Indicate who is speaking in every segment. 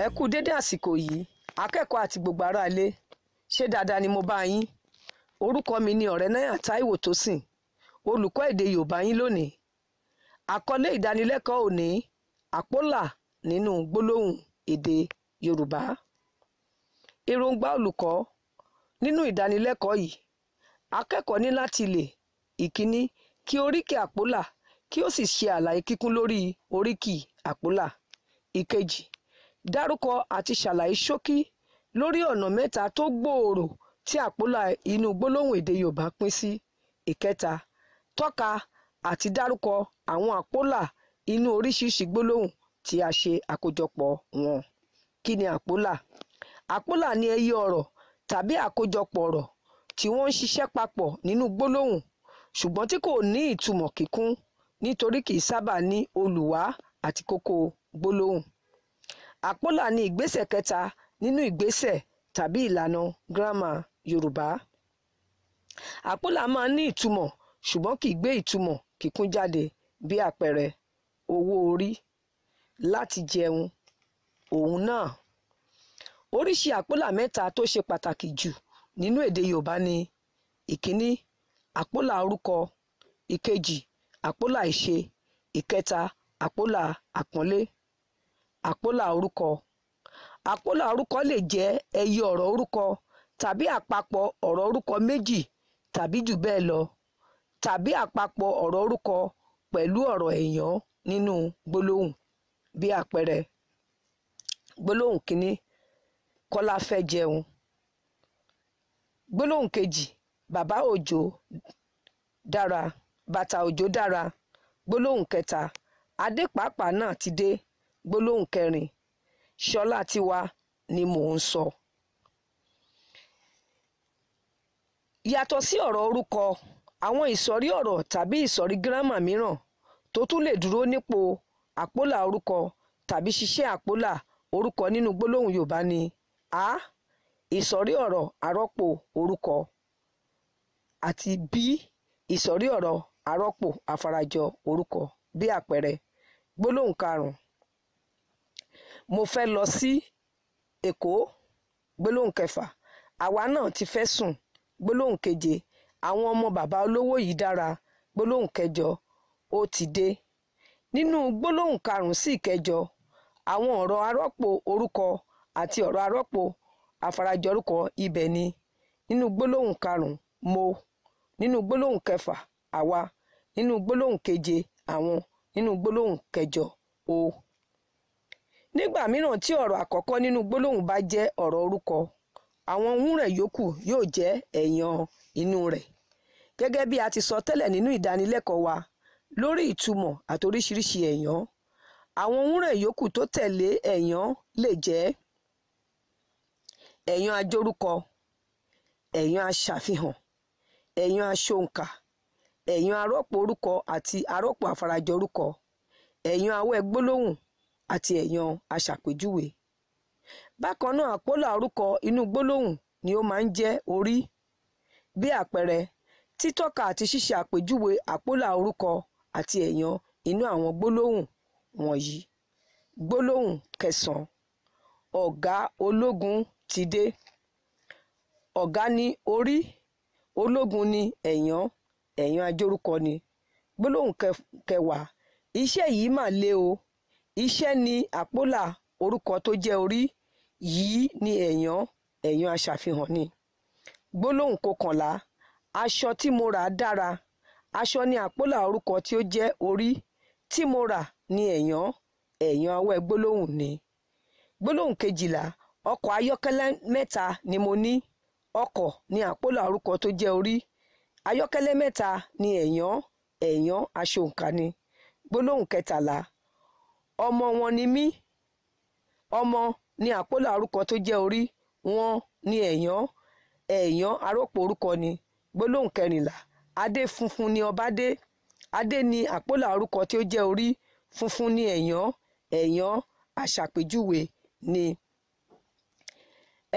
Speaker 1: ẹ kú dédé àsìkò yìí akẹ́kọ̀ọ́ àti gbogbo ará ilé ṣé dáadáa ni mo bá yín orúkọ mi ni ọ̀rẹ́ náà Táíwò Tósìn olùkọ́ èdè Yorùbá yín lónìí Àkọlé ìdánilẹ́kọ̀ọ́ òní "Àpólà nínú gbólóhùn èdè Yorùbá". Èròńgbà olùkọ́ nínú ìdánilẹ́kọ̀ọ́ yìí, akẹ́kọ̀ọ́ ní láti lè: 1. Kí oríkì àpólà kí ó sì ṣe àlàyé kíkún lórí oríkì àpólà. 2. Dárúkọ àti ṣàlàyé ṣókí lórí ọ̀nà mẹ́ta tó gbòòrò tí àpólà inú gbólóhùn èdè Yorùbá pín sí. 3. Tọ́ka àti dárúkọ àwọn àpólà inú oríṣiríṣi gbólóhùn tí a ṣe àkójọpọ̀ wọn. Kí ni àpólà? Àpólà ni ẹyẹ ọ̀rọ̀ tàbí àkójọpọ̀ ọ̀rọ̀ tí wọ́n ń ṣiṣẹ́ papọ̀ nínú gbólóhùn ṣùgbọ́n tí kò ní ìtumọ̀ kíkún nítorí kìí sábà ní olùwá àti kókó gbólóhùn. Àpólà ni ìgbésẹ̀ kẹta nínú ìgbésẹ̀ tàbí ìlànà gírámà Yorùbá. Àpólà máa ń ní ìtumọ̀ ṣùgbọ́n kìí gbé ìtumọ̀ kíkún jáde bí àpẹẹrẹ owó orí láti jẹun òun náà oríṣi àpólà mẹ́ta tó ṣe pàtàkì jù nínú èdè yorùbá ni ìkíní àpólà orúkọ ìkejì àpólà ìṣe ìkẹta àpólà àpọ́nlé àpólà orúkọ àpólà orúkọ lè jẹ́ ẹyọ ọ̀rọ̀ orúkọ tàbí àpapọ̀ ọ̀rọ̀ orúkọ méjì tàbí jù bẹ́ẹ̀ lọ tàbí àpapọ̀ ọ̀rọ̀ orúkọ pẹ̀lú ọ̀rọ̀ èèyàn nínú gbólóhùn bí àpẹẹrẹ gbólóhùn kínní kọ́lá fẹ́ jẹun gbólóhùn kejì bàbá òjò dára bàtà òjò dára gbólóhùn kẹta adé pàápàá náà ti dé gbólóhùn kẹrin ṣọlá tiwa ni mò ń sọ. yàtọ̀ sí ọ̀rọ̀ orúkọ àwọn ìsọ̀rí ọ̀rọ̀ tàbí ìsọ̀rí gírámà mìíràn tó tún lè dúró nípò àpólà orúkọ tàbí ṣiṣẹ́ àpólà orúkọ nínú gbólóhùn yorùbá ni a ìsọ̀rí ọ̀rọ̀ àrọ́pò orúkọ àti b ìsọ̀rí ọ̀rọ̀ àrọ́pò àfarajọ orúkọ bí àpẹẹrẹ gbólóhùn karùn-ún mo fẹ́ lọ sí èkó gbólóhùn kẹfà àwa náà ti fẹ́ sùn gbólóhùn keje àwọn ọmọ bàbá olówó yìí dára gbólóhùn kẹjọ ó ti dé nínú gbólóhùn karùn-ún sí ìkẹjọ àwọn ọ̀rọ̀ arọ́pò orúkọ àti ọ̀rọ̀ arọ́pò àfarajọrúkọ ibẹ̀ ni nínú gbólóhùn karùn mo nínú gbólóhùn kẹfà àwa nínú gbólóhùn keje àwọn nínú gbólóhùn kẹjọ o. nígbà mìíràn tí ọ̀rọ̀ àkọ́kọ́ nínú gbólóhùn bá jẹ́ ọ̀rọ̀ orúkọ àwọn wúnrẹ̀ yòókù yóò jẹ́ ẹ̀yán. E inú rẹ̀ gẹ́gẹ́ bí a ti sọ tẹ́lẹ̀ nínú ìdánilẹ́kọ̀ọ́ wa lórí ìtumọ̀ àti oríṣiríṣi ẹ̀yán àwọn wúnrẹ̀ yòókù tó tẹ̀lé ẹ̀yán lè jẹ́ ẹ̀yán ajórúkọ ẹ̀yán aṣàfihàn ẹ̀yán aṣòǹkà ẹ̀yán arọ́pò orúkọ àti arọ́pò àfarajọ orúkọ ẹ̀yán awẹ́ gbólóhùn àti ẹ̀yán aṣàpèjúwe bákan náà àpólà orúkọ inú gbólóhùn ni ó máa ń jẹ́ orí bí àpẹẹrẹ títọ́ka àti ṣíṣe àpèjúwe àpólà orúkọ àti èèyàn inú àwọn gbólóhùn wọ̀nyí. gbólóhùn kẹsàn-án ọ̀gá ológun ti dé ọ̀gá ní orí ológun ní ẹ̀yán ẹ̀yán ajórúkọ ni gbólóhùn kẹwàá iṣẹ́ yìí mà le o iṣẹ́ ni àpólà orúkọ tó jẹ́ orí yìí ní ẹ̀yán ẹ̀yán aṣàfihàn ni gbólóhùn kọkànlá aṣọ tí mo rà dára aṣọ ní àpólà orúkọ tí ó jẹ́ orí tí mo rà ní ẹ̀yán ẹ̀yán awẹ́ gbólóhùn ni gbólóhùn kejìlá ọkọ̀ ayọ́kẹ́lẹ́ mẹ́ta ni mo ní ọkọ̀ ní àpólà orúkọ tó jẹ́ orí ayọ́kẹ́lẹ́ mẹ́ta ni ẹ̀yán ẹ̀yán aṣòǹkà ni gbólóhùn kẹtàlá ọmọ wọn ni mí ọmọ ní àpólà orúkọ tó jẹ́ orí wọn ni ẹ̀yán ẹ̀yán arọ́pò orúkọ ni gbólóhùn kẹrìnlá adé funfun ni ọbadé adé ni àpólà orúkọ tí ó jẹ́ orí funfun ni ẹ̀yán ẹ̀yán aṣàpèjúwe ni.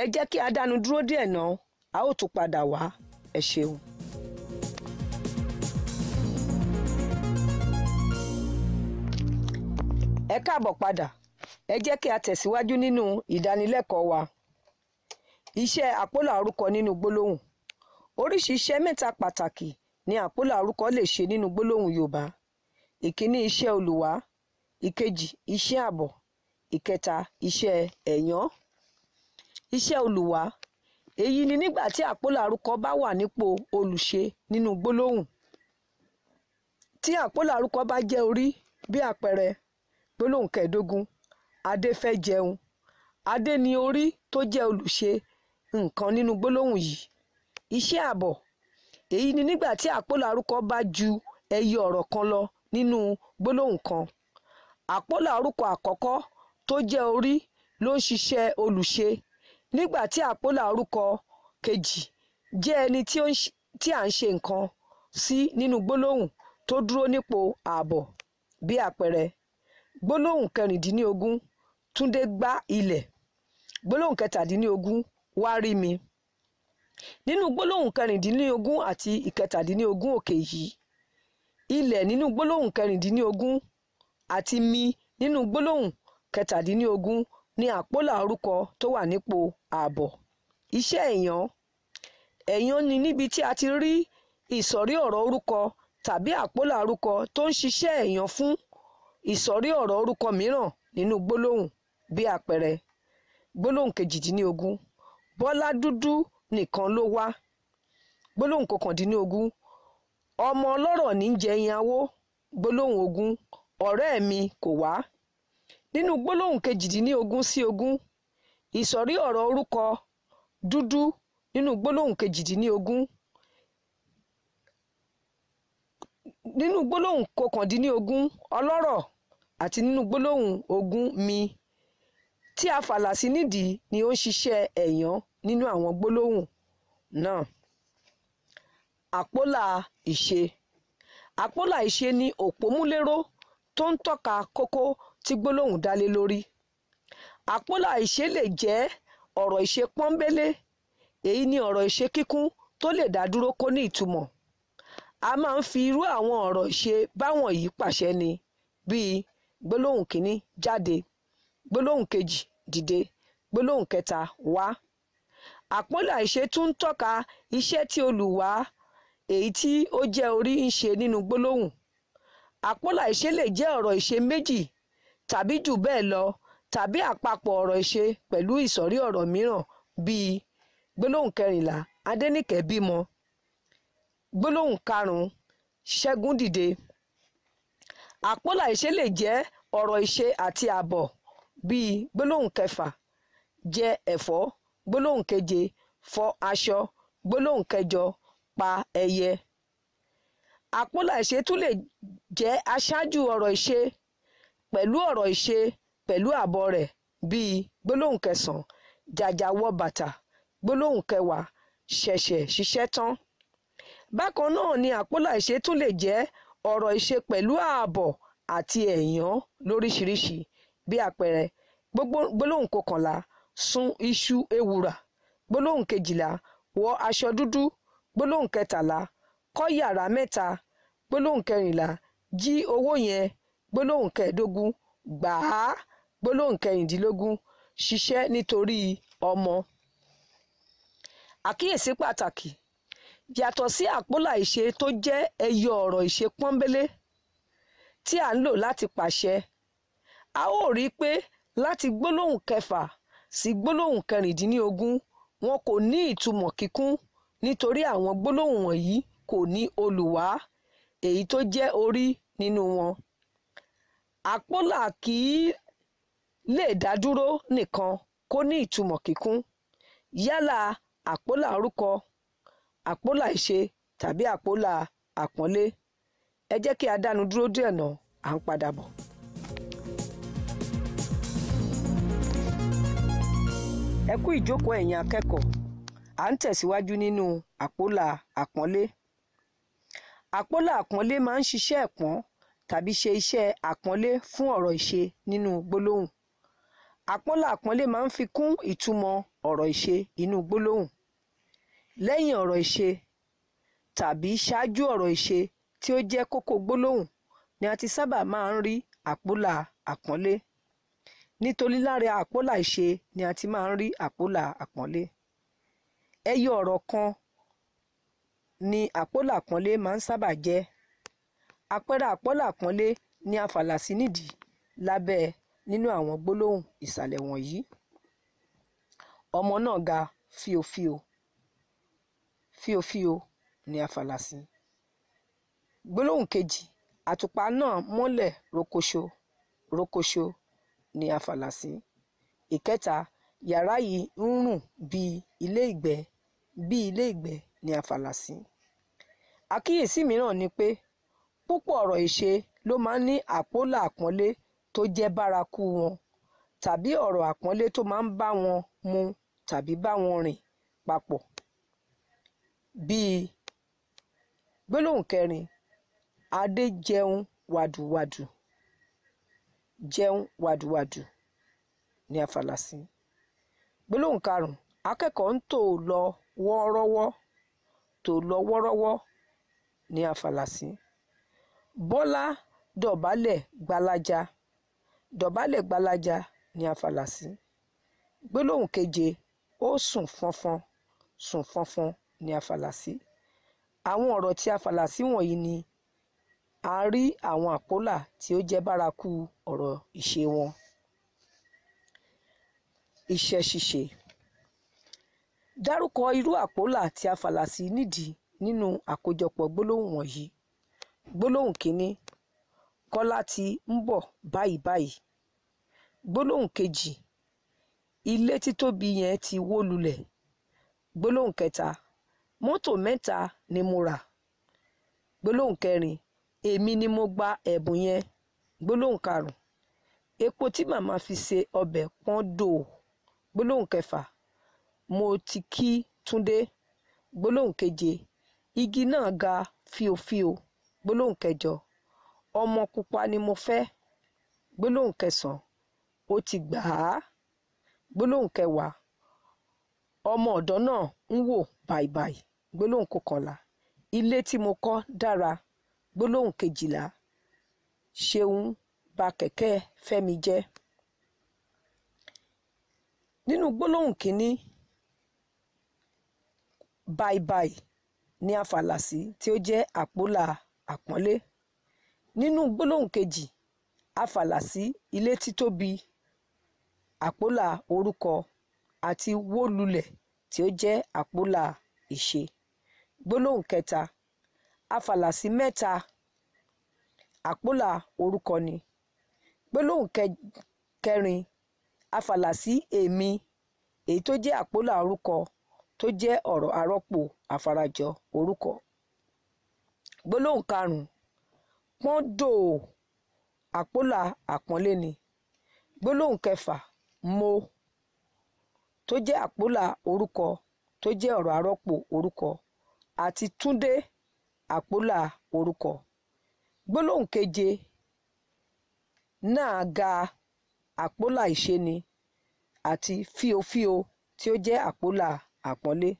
Speaker 1: ẹ jẹ́ kí a dánu dúró díẹ̀ náà a ó tún padà wá ẹ ṣeun. ẹ káàbọ̀ padà ẹ jẹ́ kí a tẹ̀síwájú nínú ìdánilẹ́kọ̀ọ́ wa. Iṣẹ́ àpólà orúkọ nínú gbólóhùn. Oríṣi iṣẹ́ mẹ́ta pàtàkì ni àpólà orúkọ lè ṣe nínú gbólóhùn Yorùbá. Ìkíní iṣẹ́ olùwá, ìkejì iṣẹ́ àbọ̀, ìkẹta iṣẹ́ ẹ̀yán. Iṣẹ́ olùwá èyí ni nígbà tí àpólà orúkọ bá wà nípò olùṣe nínú gbólóhùn. Tí àpólà orúkọ bá jẹ́ orí bí àpẹẹrẹ gbólóhùn kẹẹ̀dógún Adé fẹ́ jẹun. Adé ni orí tó jẹ́ olùṣe nǹkan nínú gbólóhùn yìí iṣẹ́ àbọ èyí ni nígbà tí àpólò arúkọ bá ju ẹyọ ọ̀rọ̀ kan lọ nínú gbólóhùn kan àpólò arúkọ àkọ́kọ́ tó jẹ́ orí ló ń ṣiṣẹ́ olùṣe nígbà tí àpólò arúkọ kejì jẹ́ ẹni tí à ń ṣe nǹkan sí nínú gbólóhùn tó dúró nípò ààbọ̀ bí àpẹẹrẹ gbólóhùn kẹrìndínlógún túndé gbá ilẹ̀ gbólóhùn kẹtàdínlógún wá rí mi nínú gbólóhùn kẹrìndínlógún àti ìkẹtàdínlógún òkè yìí ilẹ̀ nínú gbólóhùn kẹrìndínlógún àti mi nínú gbólóhùn kẹtàdínlógún ni àpólà orúkọ tó wà nípò ààbọ̀ iṣẹ́ ẹ̀yán ẹ̀yán ni níbi tí a ti rí ìsọ̀rí ọ̀rọ̀ orúkọ tàbí àpólà orúkọ tó ń ṣiṣẹ́ ẹ̀yán fún ìsọ̀rí ọ̀rọ̀ orúkọ mìíràn nínú gbólóhùn bí àpẹẹrẹ gbólóhùn kejìdínlógún bọ́lá dúdú nìkan ló wá gbólóhùn kọkàndínlógún ọmọ ọlọ́rọ̀ ní í jẹ ìyàwó gbólóhùn ogún ọ̀rẹ́ mi kò wá nínú gbólóhùn kejìdínlógún sí ogún ìsọ̀rí ọ̀rọ̀ orúkọ dúdú nínú gbólóhùn kejìdínlógún nínú gbólóhùn kọkàndínlógún ọlọ́rọ̀ àti nínú gbólóhùn ogún mi tí a fàlà sí nídìí ni ó ń ṣiṣẹ́ ẹ̀yán nínú àwọn gbólóhùn náà. àpólà ìṣe àpólà ìṣe ni òpómúléró tó ń tọ́ka kókó tí gbólóhùn dá lé lórí. àpólà ìṣe lè jẹ́ ọ̀rọ̀ ìṣe pọ́nbélé èyí ni ọ̀rọ̀ ìṣe kíkún tó lè dá dúró kó ní ìtumọ̀. a máa ń fi irú àwọn ọ̀rọ̀ ìṣe báwọn yìí pàṣẹ ni bíi gbólóhùn kínní jáde gbólóhùn kejì dìde gbólóhùn kẹta wá àpọ́nlé àìṣe tún ń tọ́ka iṣẹ́ tí olùwà èyí tí ó jẹ́ orí ń ṣe nínú gbólóhùn àpọ́nlé àìṣe lè jẹ́ ọ̀rọ̀ ìṣe méjì tàbí jù bẹ́ẹ̀ lọ tàbí àpapọ̀ ọ̀rọ̀ ìṣe pẹ̀lú ìsọ̀rí ọ̀rọ̀ mìíràn bíi gbólóhùn kẹrìnlá adẹ́nìkẹ́ bímọ gbólóhùn karùn-ún ṣẹ́gun dìde àpọ́nlé àìṣe lè jẹ́ ọ̀rọ̀ ìṣe àti àbọ̀ bíi gbólóhùn kẹfà jẹ ẹ̀fọ́ gbólóhùn keje fọ aṣọ gbólóhùn kẹjọ pa ẹyẹ. àpólà ìṣe tún lè jẹ́ aṣáájú ọ̀rọ̀ ìṣe pẹ̀lú ọ̀rọ̀ ìṣe pẹ̀lú àbọ̀ rẹ̀ bíi gbólóhùn kẹsàn-án jàjà wọ bàtà gbólóhùn kẹwàá ṣẹ̀ṣẹ̀ ṣiṣẹ́ tán. bákan náà ni àpólà ìṣe tún lè jẹ́ ọ̀rọ̀ ìṣe pẹ̀lú ààbọ̀ àti ẹ̀yán lóríṣiríṣi bí àpẹẹrẹ gbólóhùn kọkànlá sun iṣu ewùrà gbólóhùn kejìlá wọ aṣọ dúdú gbólóhùn kẹtàlá kọ́ yàrá mẹ́ta gbólóhùn kẹrìnlá jí owó yẹn gbólóhùn kẹẹ̀ẹ́dógún gbà á gbólóhùn kẹrìndínlógún ṣiṣẹ́ nítorí ọmọ. àkíyèsí pàtàkì yàtọ̀ sí àpólà ìṣe tó jẹ́ ẹyọ ọ̀rọ̀ ìṣe pọ́nbélé tí a ń lò láti pàṣẹ a ó rí i pé láti gbólóhùn kẹfà sí gbólóhùn kẹrìndínlógún wọn kò ní ìtumọ̀ kíkún nítorí àwọn gbólóhùn wọ̀nyí kò ní olùwá èyí tó jẹ́ orí nínú wọn. àpólà kì í lè dá dúró nìkan kó ní ìtumọ̀ kíkún yálà àpólà orúkọ àpólà ìṣe tàbí àpólà àpọ́nlé ẹ jẹ́ kí a dánu dúró díẹ̀ náà à ń padà bọ̀. ẹ kú ìjókòó ẹ̀yin akẹ́kọ̀ọ́ à ń tẹ̀síwájú nínú àpólà àpọ́nlé àpólà àpọ́nlé máa ń ṣiṣẹ́ ẹ̀pọ́n tàbí ṣe iṣẹ́ àpọ́nlé fún ọ̀rọ̀ ìṣe nínú gbólóhùn àpọ́nlá àpọ́nlé máa ń fi kún ìtumọ̀ ọ̀rọ̀ ìṣe inú gbólóhùn lẹ́yìn ọ̀rọ̀ ìṣe tàbí ṣáájú ọ̀rọ̀ ìṣe tí ó jẹ́ kókó gbólóhùn ni a ti sábà máa ń rí àpólà àpọ́nlé nítorí lára àpólà ìṣe ni a ti máa ń rí àpólà àpọ́nlé ẹyọ ọ̀rọ̀ kan ni àpólà àpọ́nlé máa ń sábà jẹ́ àpẹẹrẹ àpólà àpọ́nlé ni a fàlà sí nídìí lábẹ́ nínú àwọn gbólóhùn ìsàlẹ̀ wọ̀nyí ọmọ náà ga fíofío fíofío ni a fàlà sí gbólóhùn kejì àtùpà náà mọ́lẹ̀ rokoṣo rokoṣo ni a fàlà sí. Ìkẹta, yàrá yìí ń rùn bí ilé ìgbẹ́ bí ilé ìgbẹ́ ni a fàlà sí. Àkíyèsí mìíràn ni pé púpọ̀ ọ̀rọ̀ ìṣe ló máa ń ní àpólà àpọ́nlé tó jẹ́ bárakú wọn tàbí ọ̀rọ̀ àpọ́nlé tó máa ń bá wọn mu tàbí bá wọn rìn papọ̀. Bíi gbólóhùn kẹrin, Adé jẹun wàdùwàdù jẹun wàdùwàdù ní àfàlàsí gbólóhùn karùn-ún akẹ́kọ̀ọ́ ń tò lọ wọ́ọ́rọ́wọ́ tò lọ wọ́ọ́rọ́wọ́ ní àfàlàsí bọ́lá dọ̀bálẹ̀ gbalaja dọ̀bálẹ̀ gbalaja ní àfàlàsí gbólóhùn keje ó sùn fọnfọn sùn fọnfọn ní àfàlàsí àwọn ọ̀rọ̀ tí àfàlàsí wọ̀nyí ni a rí àwọn àpólà tí ó jẹ́ bárakú ọ̀rọ̀ ìṣe wọn. Iṣẹ́ ṣíṣe Dárúkọ irú àpólà tí a fàlà sí nídìí nínú àkójọpọ̀ gbólóhùn wọ̀nyí. Gbólóhùn Kínní: Kọ́lá ti ń bọ̀ báyìí báyìí. Gbólóhùn Kejì: Ilé títóbi yẹn ti wó lulẹ̀. Gbólóhùn Kẹta: Mọ́tò mẹ́ta ni mo rà. Gbólóhùn Kẹrin: èmi ni mo gba ẹ̀bùn yẹn gbólóhùn karùn-ún epo tí màmá fi se ọbẹ̀ pọ́n dòò gbólóhùn kẹfà mo ti kí túnde gbólóhùn keje igi náà ga fíofío gbólóhùn kẹjọ ọmọ pupa ni mo fẹ́ gbólóhùn kẹsàn-án ó ti gbà á gbólóhùn kẹwàá ọmọ ọ̀dọ́ náà ń wò bàìbàì gbólóhùn kọkànlá ilé tí mo kọ́ dára gbólóhùn kejìlá ṣéun ba kẹ̀kẹ́ fẹ́mi jẹ́ nínú gbólóhùn kínní báibái ni àfàlà sí tí ó jẹ́ àpólà àpọ́nlé nínú gbólóhùn kejì àfàlà sí ilé títóbi àpólà orúkọ àti wó tí ó jẹ́ àpólà ìṣe gbólóhùn kẹta afàlàsímẹ́ta àpólà orúkọ ni gbólóhùn kẹrin afàlàsí èmi èyí tó jẹ́ àpólà orúkọ tó jẹ́ ọ̀rọ̀ arọ́pò àfarajọ orúkọ gbólóhùn karùn-ún pọ́ńdò àpólà àpọ́nlé ni gbólóhùn kẹfà mo tó jẹ́ àpólà orúkọ tó jẹ́ ọ̀rọ̀ arọ́pò orúkọ àti túndé àpólà orúkọ gbólóhùn keje náà ga àpólà ìṣeni àti fíofío tí ó jẹ́ àpólà àpọ́nlé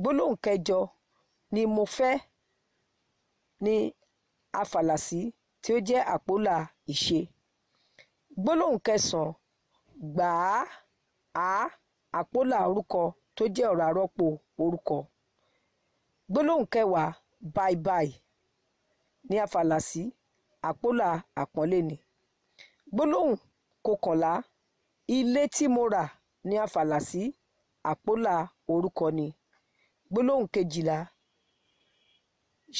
Speaker 1: gbólóhùn kẹjọ ni mo fẹ́ ni afàlàsí tí ó jẹ́ àpólà ìṣe gbólóhùn kẹsàn-án gbà á àpólà orúkọ tó jẹ́ ọ̀rọ̀ àrọ́pò orúkọ gbólóhùn kẹwàá Bye ní àfàlàsí àpólà àpọ́nlé ni gbólóhùn kọkànlá ilé tí mo rà ní àfàlàsí àpólà orúkọ ni gbólóhùn kejìlá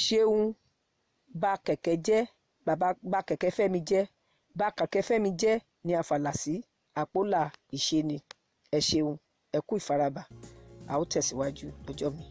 Speaker 1: ṣeun ba kẹ̀kẹ́ jẹ́ bàbá ba kẹ̀kẹ́ fẹ́mi jẹ́ ba kẹ̀kẹ́ fẹ́mi jẹ́ ní àfàlàsí àpólà ìṣe ni ẹ ṣeun ẹ kú ìfarabà a ó tẹ̀síwájú lọ́jọ́ mi.